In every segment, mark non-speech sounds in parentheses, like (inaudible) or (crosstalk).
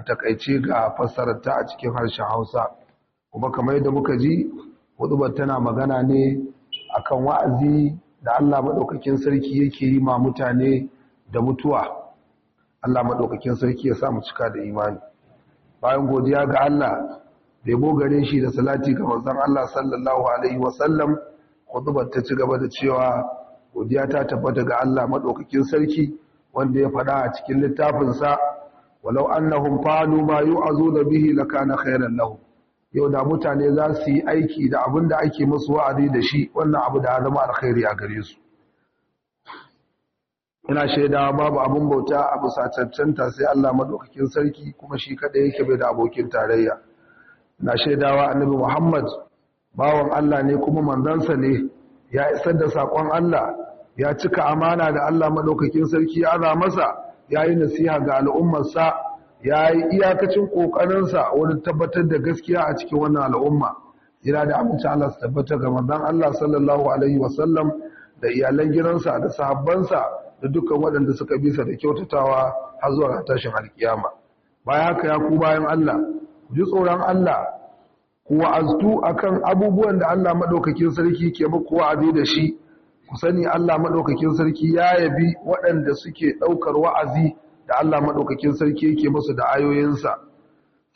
a takaice ga fassararta a cikin harshen Hausa kuma kamar yadda muka ji hudubar tana magana ne akan wa'azi da Allah madaukakin sarki yake yi ma mutane da mutuwa Allah madaukakin sarki ya sa mu cika da imani bayan godiya ga Allah da yabo gare shi da salati ga manzon Allah sallallahu alaihi wasallam hudubar ta ci gaba da cewa godiya ta tabbata ga Allah madaukakin sarki wanda ya faɗa a cikin littafinsa walau annahum fa'alu ma da bihi lakana khairan lahu, yau da mutane za su yi aiki da abin da ake musu wa'azi da shi wannan abu da zama alkhairi a gare su ina shaidawa babu abin bauta a bisa sai Allah madaukakin sarki kuma shi kada yake bai da abokin tarayya ina shaidawa annabi Muhammad bawan Allah ne kuma manzansa ne ya isar da sakon Allah ya cika amana da Allah madaukakin sarki ya aza masa ya yi nasiha ga al'ummarsa ya yi iyakacin ƙoƙarinsa wani tabbatar da gaskiya a cikin wannan al'umma yana da abinci Allah su tabbata ga manzon Allah sallallahu alaihi wasallam da iyalan gidansa da sahabbansa da dukkan waɗanda suka bisa da kyautatawa har zuwa tashin alkiyama baya haka ya ku bayan Allah ku ji tsoron Allah ku wa'aztu akan abubuwan da Allah madaukakin sarki ke muku wa'azi da shi ku sani Allah maɗaukakin sarki ya yabi waɗanda suke ɗaukar wa'azi da Allah maɗaukakin sarki yake masu da ayoyinsa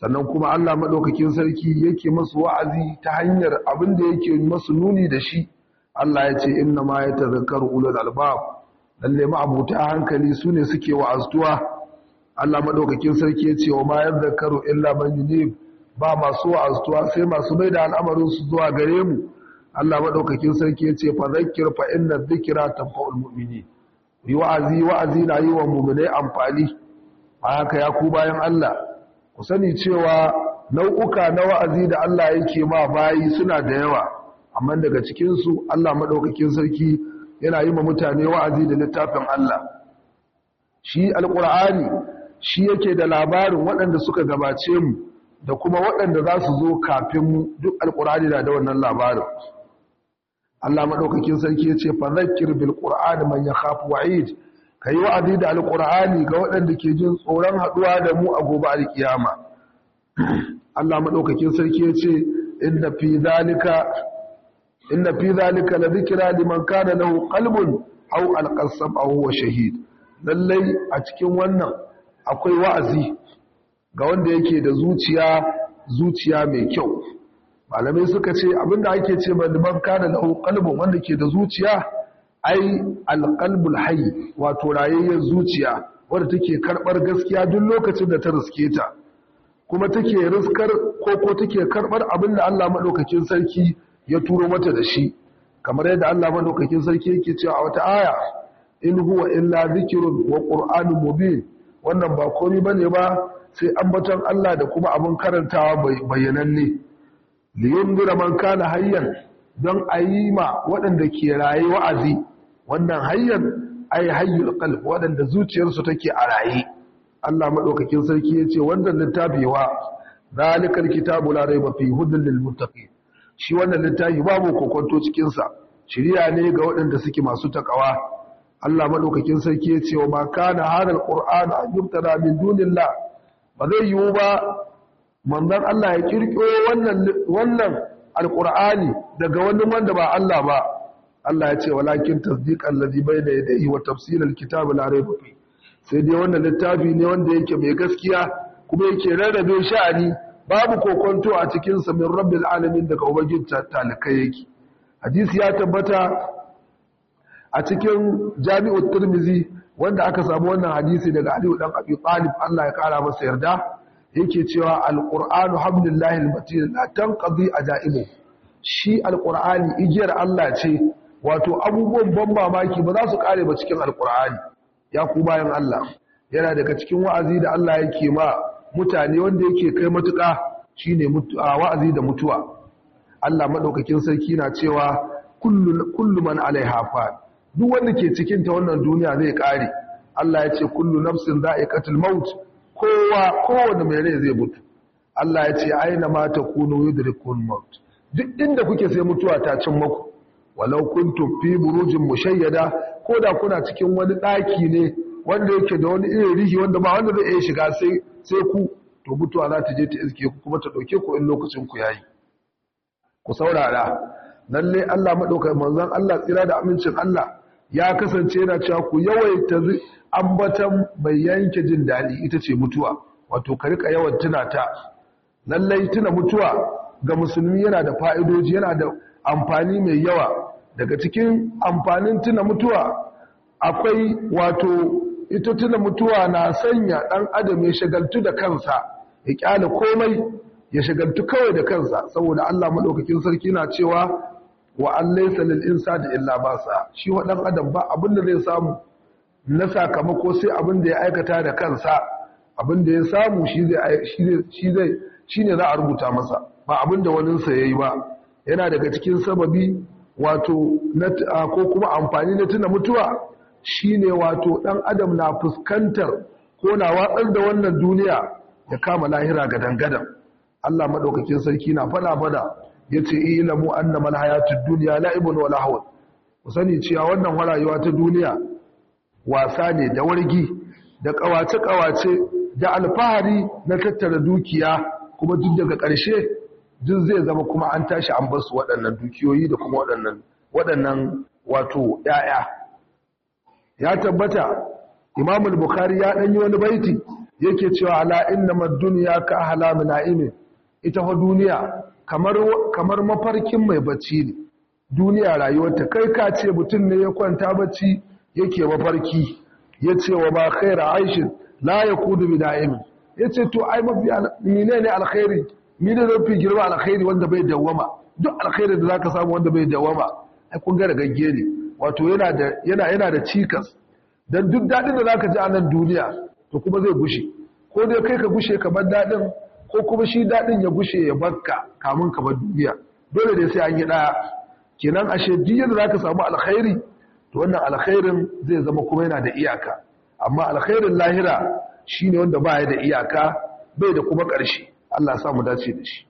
sannan kuma Allah maɗaukakin sarki yake masu wa'azi ta hanyar abin da yake masu nuni da shi Allah ya ce inna ma ya tazakar ulul albab lalle ma'abuta hankali su ne suke wa’azuwa Allah madaukakin sarki ya ce wa ma karo illa man yunib ba masu wa'aztuwa sai masu bai da al'amarin su zuwa gare mu Allah maɗaukakin sarki yace fa zakkir fa inna dhikra tanfa'ul mu'minin yi wa'azi wa'azi na yi wa mu'minai amfani ba haka ya ku bayan Allah ku sani cewa nau'uka na wa'azi da Allah yake ma bayi suna da yawa amma daga cikinsu Allah maɗaukakin sarki yana yi ma mutane wa'azi da littafin Allah shi alqur'ani shi yake da labarin waɗanda suka gabace mu da kuma waɗanda za su zo kafin mu duk alqur'ani da wannan labarin Allah madaukakin sarki yace fadhakkir bil qur'an man yakhafu wa'id kai wa'adi da al-Qur'ani ga waɗanda ke jin tsoron haɗuwa da mu a gobe alkiyama (clears throat) Allah madaukakin sarki yace inna fi zalika inna fi zalika la dhikra liman kana lahu qalbun aw alqa a huwa shahid lallai a cikin wannan akwai wa'azi ga wanda yake da zuciya zuciya mai kyau malamai suka ce abinda ake ce man kana lahu qalbun wanda ke da zuciya ai alqalbul hayy wato rayayyar zuciya wanda take karɓar gaskiya duk lokacin da ta riske ta kuma take riskar ko ko take karbar abinda Allah madaukakin sarki ya turo mata da shi kamar yadda Allah madaukakin sarki yake cewa a wata aya in huwa illa dhikrun wa qur'anun mubin wannan ba komai bane ba sai ambaton Allah da kuma abin karantawa bayyananne liyundura man kana hayyan don a yi ma waɗanda ke raye wa'azi wannan hayyan yi hayyul qalb waɗanda zuciyarsu take a raye Allah maɗaukakin sarki ya ce, wannan littafi wa zalikal kitabu la rayba fi hudun shi wannan littafi babu kokonto kwakwanto cikinsa, shirya ne ga waɗanda suke masu takawa Allah maɗaukakin sarki ya ce, wa ma kana hadal a yubtada min ba zai yiwu ba manzon Allah ya kirkiro wannan wannan daga wani wanda ba Allah ba Allah ya ce walakin tasdiqan da bayna yadayhi wa tafsirar kitab Larai rayba sai dai wannan littafi ne wanda yake mai gaskiya kuma yake rarrabe sha'ani babu kokonto a cikin sa min rabbil alamin daga ubangin talikai yake hadisi ya tabbata a cikin jami'ut tirmizi wanda aka samu wannan hadisi daga Aliyu dan Abi Talib Allah ya kara masa yarda yake cewa alqur'anu hablillahi almatin la tanqadi ajaibu shi alqur'ani igiyar Allah ce wato abubuwan ban mamaki ba za su kare ba cikin alqur'ani ya ku bayan Allah yana daga cikin wa'azi da Allah yake ma mutane wanda yake kai matuƙa shine wa'azi da mutuwa Allah madaukakin sarki na cewa kullu kullu man alaiha fa duk wanda ke cikin ta wannan duniya zai kare Allah ya ce kullu nafsin da'iqatul maut kowa kowane mai rai zai mutu Allah ya ce aina ma takunu yudrikul maut duk inda kuke sai mutuwa ta cin maku walau kuntum fi burujin mushayyada da kuna cikin wani daki ne wanda yake da wani irin rihi wanda ba wanda zai iya shiga sai sai ku to mutuwa za ta je ta iske ku kuma ta dauke ku in lokacin ku yayi ku saurara lalle Allah madaukakin manzon Allah tsira da amincin Allah ya kasance yana cewa ku yawaita ambatan mai yanke jin daɗi ita ce mutuwa wato ka yawan tuna ta lallai tuna mutuwa ga musulmi yana da fa'idoji yana da amfani mai yawa daga cikin amfanin tuna mutuwa akwai wato ita tuna mutuwa na sanya ɗan adam ya shagaltu da kansa ya ƙyala komai ya shagaltu kawai da kansa saboda Allah maɗaukakin sarki na cewa wa an laisa lil insani illa ma sa shi wadan adam ba abin da zai samu na sakamako sai abin da ya aikata da kansa abin da ya samu shi zai shi zai shine za a rubuta masa ba abin da wani sa yayi ba yana daga cikin sababi wato ko kuma amfani na tuna mutuwa shine wato dan adam na fuskantar ko na watsar da wannan duniya ya kama lahira ga dangadan Allah madaukakin sarki na fada fada Ya yace eh, ilamu annamal hayatud dunya la'ibun wa lahw ku sani cewa wannan rayuwa ta duniya wasa ne da wargi da ƙawace kawace da alfahari na tattara dukiya kuma duk daga ƙarshe duk zai zama kuma an tashi an bar su waɗannan dukiyoyi da kuma waɗannan waɗannan wato ƴaƴa ya tabbata Imam al-Bukhari ya danyi wani baiti yake cewa ala inna mad-dunya ka ahlamul ita fa duniya kamar mafarkin mai bacci ne duniya rayuwarta kai ka ce mutum ne ya kwanta bacci yake mafarki ya ce wa ba khaira aishin la ya kudu bi da'imin ya ce to ai mafi mine ne alkhairi mine ne fi girma alkhairi wanda bai dawwama duk alkhairi da zaka samu wanda bai dawwama ai kun ga gagge ne wato yana da yana da cikas dan duk daɗin da zaka ji a nan duniya to kuma zai gushe ko dai kai ka gushe kamar daɗin? ko kuma shi daɗin ya gushe ya barka kamun ka bar duniya dole dai sai an yi ɗaya kenan ashe duk da za ka samu alkhairi to wannan alkhairin zai zama kuma yana da iyaka amma alkhairin lahira shi ne wanda ba ya da iyaka bai da kuma ƙarshe Allah samu dace da shi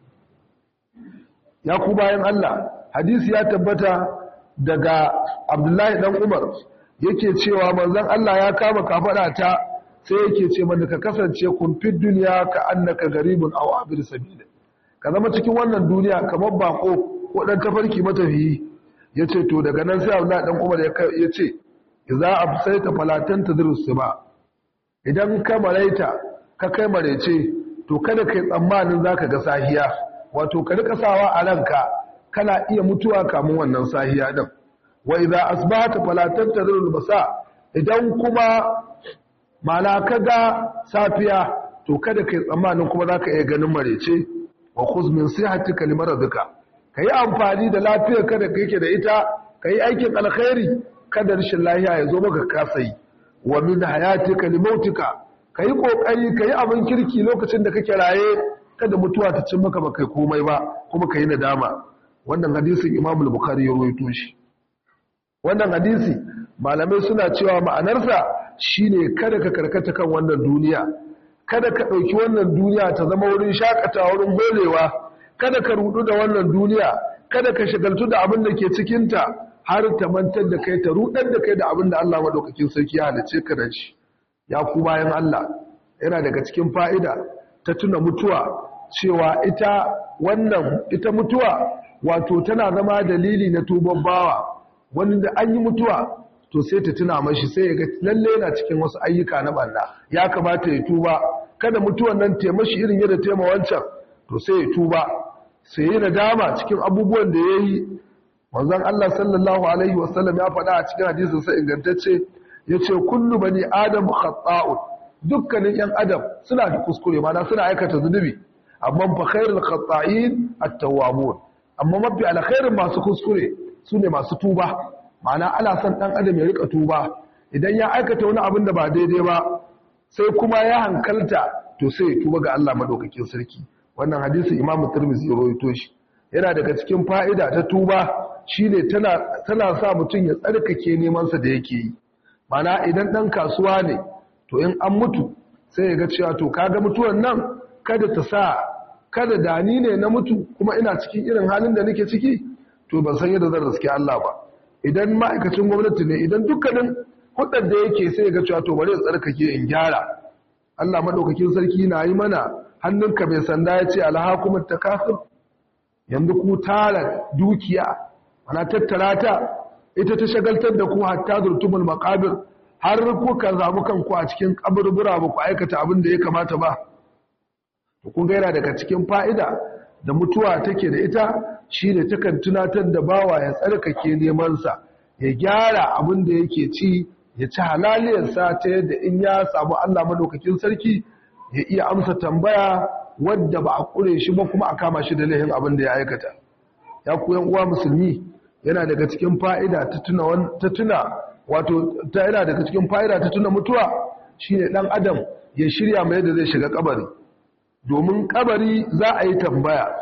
ya ku bayan Allah hadisi ya tabbata daga abdullahi ɗan umar yake cewa manzon Allah ya kama kafaɗa ta sai yake ce mana ka kasance kun fi duniya ka annaka garibun aw abir sabila ka zama cikin wannan duniya kamar bako ko dan tafarki matafiyi yace to daga nan sai Allah dan Umar ya ce idza absaita falatan tadrus ba idan ka maraita ka kai marece to kada kai tsammanin zaka ga sahiya wato ka rika sawa a ranka kana iya mutuwa kamun wannan sahiya din wa idza asbahta falatan tadrul basa idan kuma mana ka ga safiya to kada kai tsammanin kuma za ka iya ganin marece wa kuzmin sihati kalimar duka ka yi amfani da lafiyar kada ka yake da ita ka yi aikin alkhairi kada rashin lahiya ya zo maka kasai wa min hayati kalimautika ka yi kokari ka yi abin kirki lokacin da kake raye kada mutuwa ta cin maka baka komai ba kuma ka yi nadama wannan hadisin imam bukhari ya rawaito shi wannan hadisi malamai suna cewa ma'anarsa shine kada ka karkata kan wannan duniya kada ka ɗauki wannan duniya ta zama wurin shakata wurin golewa kada ka rudu da wannan duniya kada ka shagaltu da abin da ke cikinta har ta mantar da kai ta rudar da kai da abin da Allah madaukakin sarki ya halice ka da shi ya ku bayan Allah yana daga cikin fa'ida ta tuna mutuwa cewa ita wannan ita mutuwa wato tana zama dalili na tuban bawa wanda an yi mutuwa to sai ta tuna mashi sai ya ga lalle yana cikin wasu ayyuka na banna ya kamata ya tuba kada mutuwan nan ta mashi irin yadda ta ma wancan to sai ya tuba sai ya nadama cikin abubuwan da ya yi manzon Allah sallallahu alaihi wasallam ya faɗa a cikin hadisin sa ingantacce yace kullu bani Adamu khata'un dukkanin yan adam suna da kuskure ma suna aikata zunubi amma fa khairul khata'in at-tawwabun amma mafi alkhairin masu kuskure sune masu tuba ma'ana ana san ɗan adam ya rika tuba idan ya aikata wani abin da ba daidai ba sai kuma ya hankalta to sai ya tuba ga Allah madaukakin sarki wannan hadisi Imam Tirmidhi ya rawaito shi yana daga cikin fa'ida ta tuba shine tana tana sa mutum ya tsarkake neman sa da yake yi ma'ana idan ɗan kasuwa ne to in an mutu sai ya ga cewa to kaga mutuwan nan kada ta sa kada dani ne na mutu kuma ina cikin irin halin da nake ciki to ban san yadda zan raske Allah ba idan ma'aikacin gwamnati ne idan dukkanin hudar da yake sai ga cewa to bari ya tsarkake in gyara Allah madaukakin sarki na yi mana hannunka mai sanda ya ce alhakumut takafur yanzu ku tara dukiya ana tattara ta ita ta shagaltar da ku hatta zurtumul maqabir har ka zamu kanku a cikin kaburbura ba ku aikata abin da ya kamata ba kun gaira daga cikin fa'ida da mutuwa take da ita shi ne takan tunatar da bawa ya tsarkake nemansa ya gyara abin da yake ci ya ci halaliyarsa ta yadda in ya samu Allah madaukakin sarki ya iya amsa tambaya wadda ba a ƙure shi ba kuma a kama shi da laifin abin da ya aikata ya koyan uwa musulmi yana daga cikin fa'ida ta tuna wato ta yana daga cikin fa'ida ta tuna mutuwa Shi ne ɗan adam ya shirya mai yadda zai shiga kabari domin kabari za a yi tambaya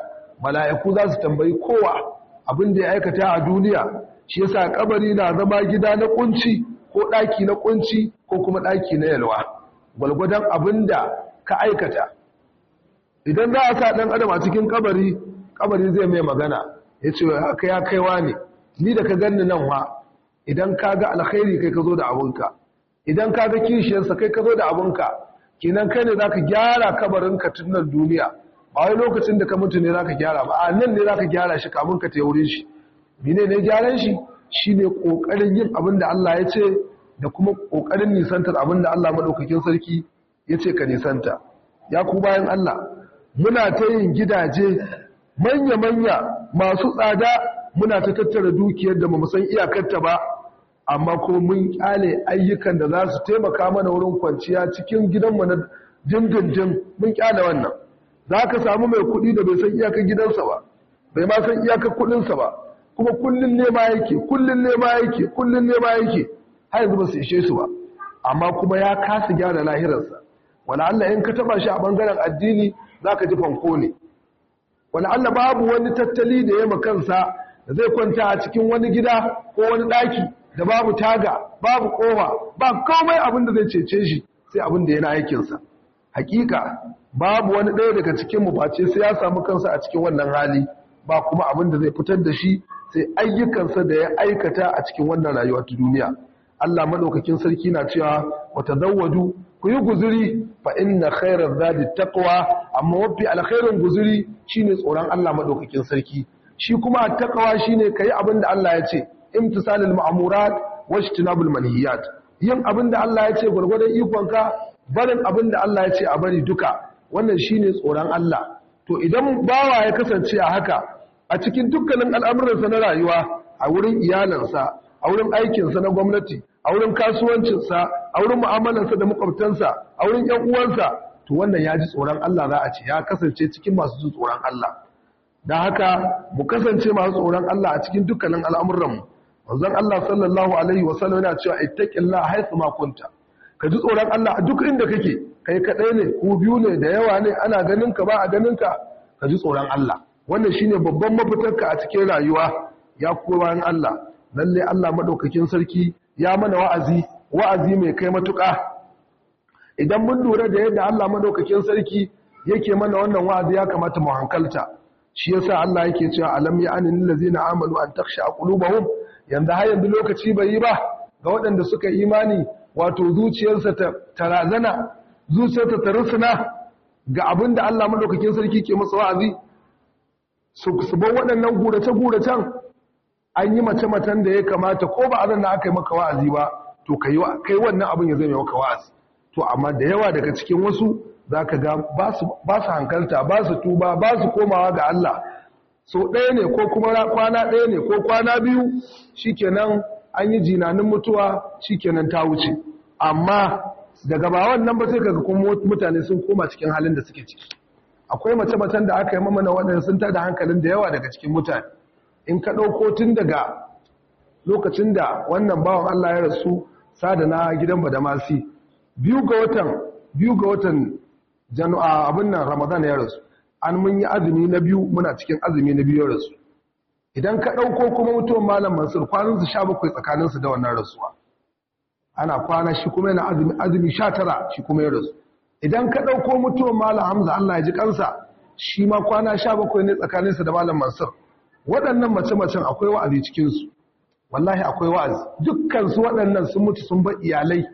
mala'iku za su tambayi kowa abin da ya aikata a duniya shi yasa kabari na zama gida na kunci ko ɗaki na kunci ko kuma ɗaki na yalwa gwalgwadon abin da ka aikata idan za a sa ɗan adam a cikin kabari kabari zai mai magana ya ce haka ya kaiwa ne ni da ka ganni nan wa idan ka ga alkhairi kai ka zo da abinka idan ka ga kishiyarsa kai ka zo da abinka kenan kai ne za ka gyara kabarin ka tun nan duniya ba wai lokacin da ka mutu ne za ka gyara ba a nan ne za ka gyara shi kafin ka tayi shi mene ne gyaran shi Shi ne kokarin yin abin da Allah ya ce da kuma kokarin nisantar abin da Allah maɗaukakin sarki ya ce ka nisanta ya ku bayan Allah muna ta yin gidaje manya-manya masu tsada muna ta tattara dukiyar da ba mu san iyakarta ba amma ko mun kyale ayyukan da za su taimaka mana wurin kwanciya cikin gidanmu na jindindin mun kyale wannan za ka samu mai kuɗi da bai san iyakar gidansa ba bai ma san iyakar kuɗinsa ba kuma kullum nema yake kullum nema yake kullum nema yake har yanzu ba su ishe su ba amma kuma ya kasa gyara lahirarsa Wani Allah in ka taɓa shi a bangaren addini za ka ji fanko ne Wani Allah babu wani tattali da ma kansa da zai kwanta a cikin wani gida ko wani ɗaki? da babu taga babu kowa ba komai abin da zai cece shi sai abin da yana aikinsa hakika babu wani ɗaya daga cikin mu sai ya samu kansa a cikin wannan hali ba kuma abin da zai fitar da shi sai ayyukansa da ya aikata a cikin wannan rayuwa ta duniya Allah madaukakin sarki na cewa wata zawadu ku yi guzuri fa inna khairar zadi taqwa amma wafi alkhairin guzuri shine tsoron Allah madaukakin sarki shi kuma taqwa shine kai abin da Allah ya ce imtisalul ma'murat wa ijtinabul manhiyat yin abinda Allah ya ce gurgurdan ikonka barin abin da Allah ya ce a bari duka wannan shine tsoron Allah to idan bawa ya kasance a haka a cikin dukkanin al'amuransa na rayuwa a wurin iyalansa a wurin aikinsa na gwamnati a wurin kasuwancinsa a wurin mu'amalansa da makwabtansa a wurin ƴan uwansa to wannan ya ji tsoron Allah za a ce ya kasance cikin masu tsoron Allah dan haka mu kasance masu tsoron Allah a cikin dukkanin al'amuranmu Wanzan Allah sallallahu alaihi wasallam yana cewa ittaqillaha haythu haifu ka ji tsoron Allah a duk inda kake kai kaɗai ne ko biyu ne da yawa ne ana ganin ka ba a ganin ka ka ji tsoron Allah wannan shine babban mafitarka a cikin rayuwa ya kowa yin Allah lalle Allah maɗaukakin sarki ya mana wa'azi wa'azi mai kai matuƙa idan mun lura da yadda Allah maɗaukakin sarki yake mana wannan wa'azi ya kamata mu hankalta shi yasa Allah yake cewa alam ya anil ladzina amanu an takshi a qulubuhum yanzu har yanzu lokaci bai yi ba ga waɗanda suka yi imani wato zuciyarsa ta tarazana zuciyarsa ta rusuna ga abin da Allah madaukakin sarki ke masa wa'azi su su waɗannan gurace-guracen an yi mace-macen da ya kamata ko ba azan da aka yi maka wa'azi ba to kai kai wannan abin ya zama maka wa'azi to amma da yawa daga cikin wasu zaka ga ba su ba su hankalta ba su tuba ba su komawa ga Allah so ɗaya ne ko kuma kwana ɗaya ne ko kwana biyu shikenan an yi jinanin mutuwa shikenan ta wuce amma daga ba wannan ba sai kaga kuma mutane sun koma cikin halin da suke ciki akwai mace-macen da aka yi mamana waɗanda sun tada hankalin da yawa daga cikin mutane in ka ɗauko tun daga lokacin da wannan bawan Allah ya rasu sada na gidan badamasi biyu ga biyu ga watan abin nan ramadan ya rasu an mun yi azumi na biyu muna cikin azumi na biyu rasu idan ka ɗauko kuma mutuwan malam mansur kwaninsu sha bakwai tsakaninsu da wannan rasuwa ana kwana shi kuma yana azumi azumi sha tara shi kuma ya rasu idan ka ɗauko mutuwan malam hamza allah ya ji kansa shi ma kwana sha bakwai ne tsakaninsa da malam mansur waɗannan mace-macen akwai wa'azi cikinsu wallahi akwai wa'azi dukkansu waɗannan sun mutu sun bar iyalai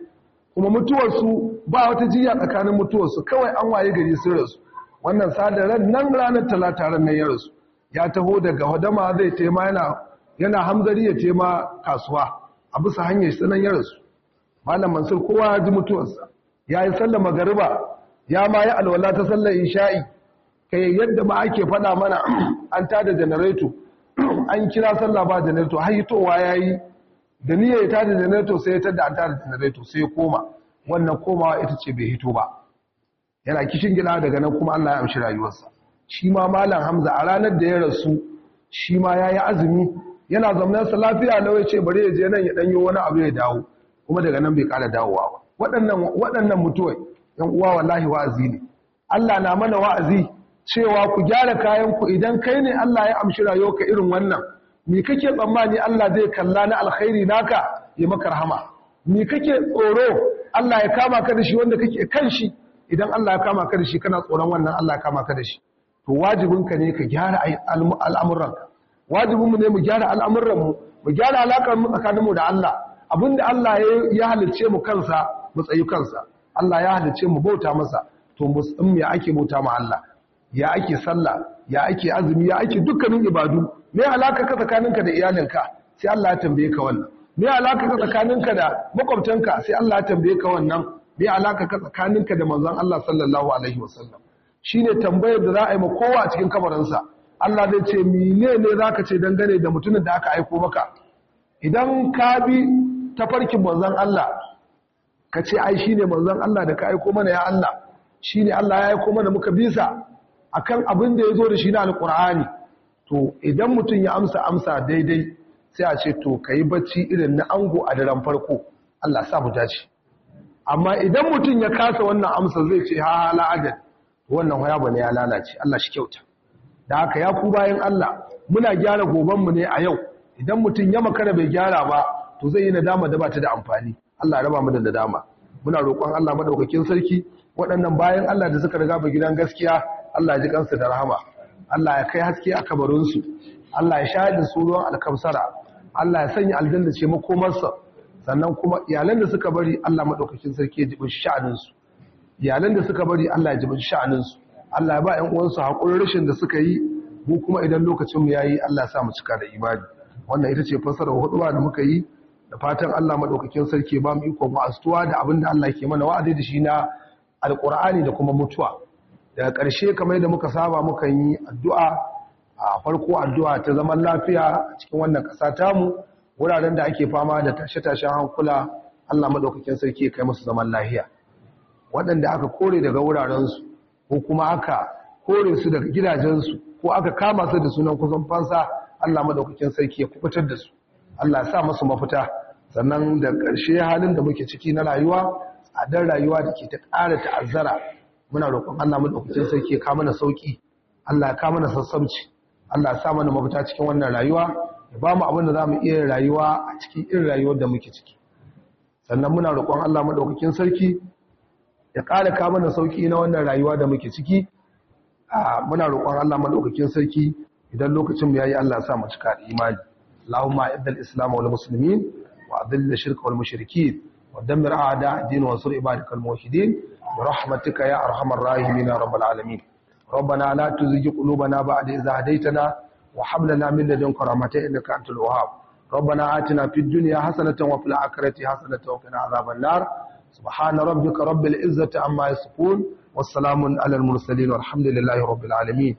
kuma mutuwarsu ba wata jiya tsakanin mutuwarsu kawai an waye gari sun rasu wannan sadarar nan ranar talata ranar ya rasu ya taho daga hadama zai tema yana hamzari ya tema kasuwa a bisa hanyar sanan ya rasu malam mansur kowa ya ji mutuwarsa ya yi sallar magariba ya ma yi alwala ta sallar isha'i kai yadda ma ake faɗa mana (clears throat) an ta da janareto (clears throat) an kira sallah ba janareto haitowa ya yi da niyyar ta da janareto sai ya tada an da janareto sai ya koma wannan komawa ita ce bai hito ba yana kishin gida daga nan kuma Allah ya amshi rayuwarsa shi ma malam Hamza a ranar da ya rasu shi ma ya yi azumi yana zamanin lafiya na ce bari ya je nan ya danyo wani abu ya dawo kuma daga nan bai kara dawowa ba waɗannan waɗannan mutuwai yan uwa wallahi wa'azi ne Allah na mana wa'azi cewa ku gyara kayan ku idan kai ne Allah ya amshi rayuwarka irin wannan me kake tsammani Allah zai kalla na alkhairi naka ya maka rahama me kake tsoro Allah ya kama ka da shi wanda kake kan shi idan Allah ya kama ka da shi kana tsoron wannan Allah ya kama ka da shi to wajibinka ne ka gyara al'amuran. wajibinmu ne mu gyara al'amuranmu mu gyara tsakanin tsakaninmu da Allah abinda Allah ya halicce mu kansa mu tsayi kansa Allah ya halicce mu bauta masa to mu ya ake bauta ma Allah ya ake sallah ya ake azumi ya ake dukkanin ibadu me alaka ka tsakaninka da iyalinka sai Allah ya tambaye ka wannan me alaka ka tsakaninka da makwabtanka sai Allah ya tambaye ka wannan me alaka ka tsakaninka da manzon Allah sallallahu alaihi wasallam shine tambayar da za a yi ma kowa a cikin sa Allah zai ce menene zaka ce dangane da mutumin da aka aiko maka idan ka bi tafarkin manzon Allah ka ce ai shine manzon Allah da ka aiko mana ya Allah shine Allah ya aiko mana muka bisa akan abin da yazo da shi na alqur'ani to idan mutum ya amsa amsa daidai sai a ce to kai bacci irin na ango a daren farko Allah sa mu dace amma idan mutum ya kasa wannan amsa zai ce ha hala ajal wannan hoya bane ya lalace Allah shi kyauta da haka ya ku bayan Allah muna gyara goban mu ne a yau idan mutum ya makara bai gyara ba to zai yi nadama da ba ta da amfani Allah raba mu da nadama muna roƙon Allah madaukakin sarki waɗannan bayan Allah da suka riga ba gidan gaskiya Allah ya ji kansu da rahama Allah ya kai haske a su Allah ya shahadin su ruwan alkamsara Allah ya sanya aljanna ce makomarsa sannan kuma iyalan da suka bari Allah madaukakin sarki ya jibin sha'anin su iyalan da suka bari Allah ya jibin sha'anin Allah ya ba ƴan uwansu haƙurin rashin da suka yi mu kuma idan lokacin mu yayi Allah ya sa mu cika da ibadi wannan ita ce fassarar huduwa da muka yi da fatan Allah madaukakin sarki ba mu iko mu astuwa da abinda Allah ke mana wa'azi da shi na alqur'ani da kuma mutuwa daga ƙarshe kamar da muka saba muka yi addu'a a farko addu'a ta zaman lafiya cikin wannan ƙasa tamu wuraren da ake fama da tashe-tashen hankula Allah maɗaukakin sarki kai musu zaman lahiya. waɗanda aka kore daga wurarensu ko kuma aka kore su daga gidajensu ko aka kama su da sunan kusan fansa Allah madaukakin sarki ya kubutar da su Allah ya sa musu mafita sannan da ƙarshe halin da muke ciki na rayuwa tsadar rayuwa da ke ta ƙara ta'azzara muna roƙon Allah maɗaukakin sarki ya kama na sauƙi. Allah ya kama na sassauci Allah ya sa mana mafita cikin wannan rayuwa ya ba mu abin da za mu iya rayuwa a cikin irin rayuwar da muke ciki sannan muna roƙon Allah maɗaukakin sarki ya ƙara ka mana sauƙi na wannan rayuwa da muke ciki muna roƙon Allah maɗaukakin sarki idan lokacin ya yi Allah sa mu cika da imani Allahumma iddal islam wal muslimin wa adilla shirka wal mushrikin wa dammir a'da din wa sur ibadikal muwahhidin bi rahmatika ya arhamar rahimin ya rabbal alamin ربنا لا تزغ قلوبنا بعد إذ هديتنا وهب لنا من لدنك رحمة إنك أنت الوهاب ربنا آتنا في الدنيا حسنة وفي الآخرة حسنة وقنا عذاب النار سبحان ربك رب العزة عما يصفون والسلام على المرسلين والحمد لله رب العالمين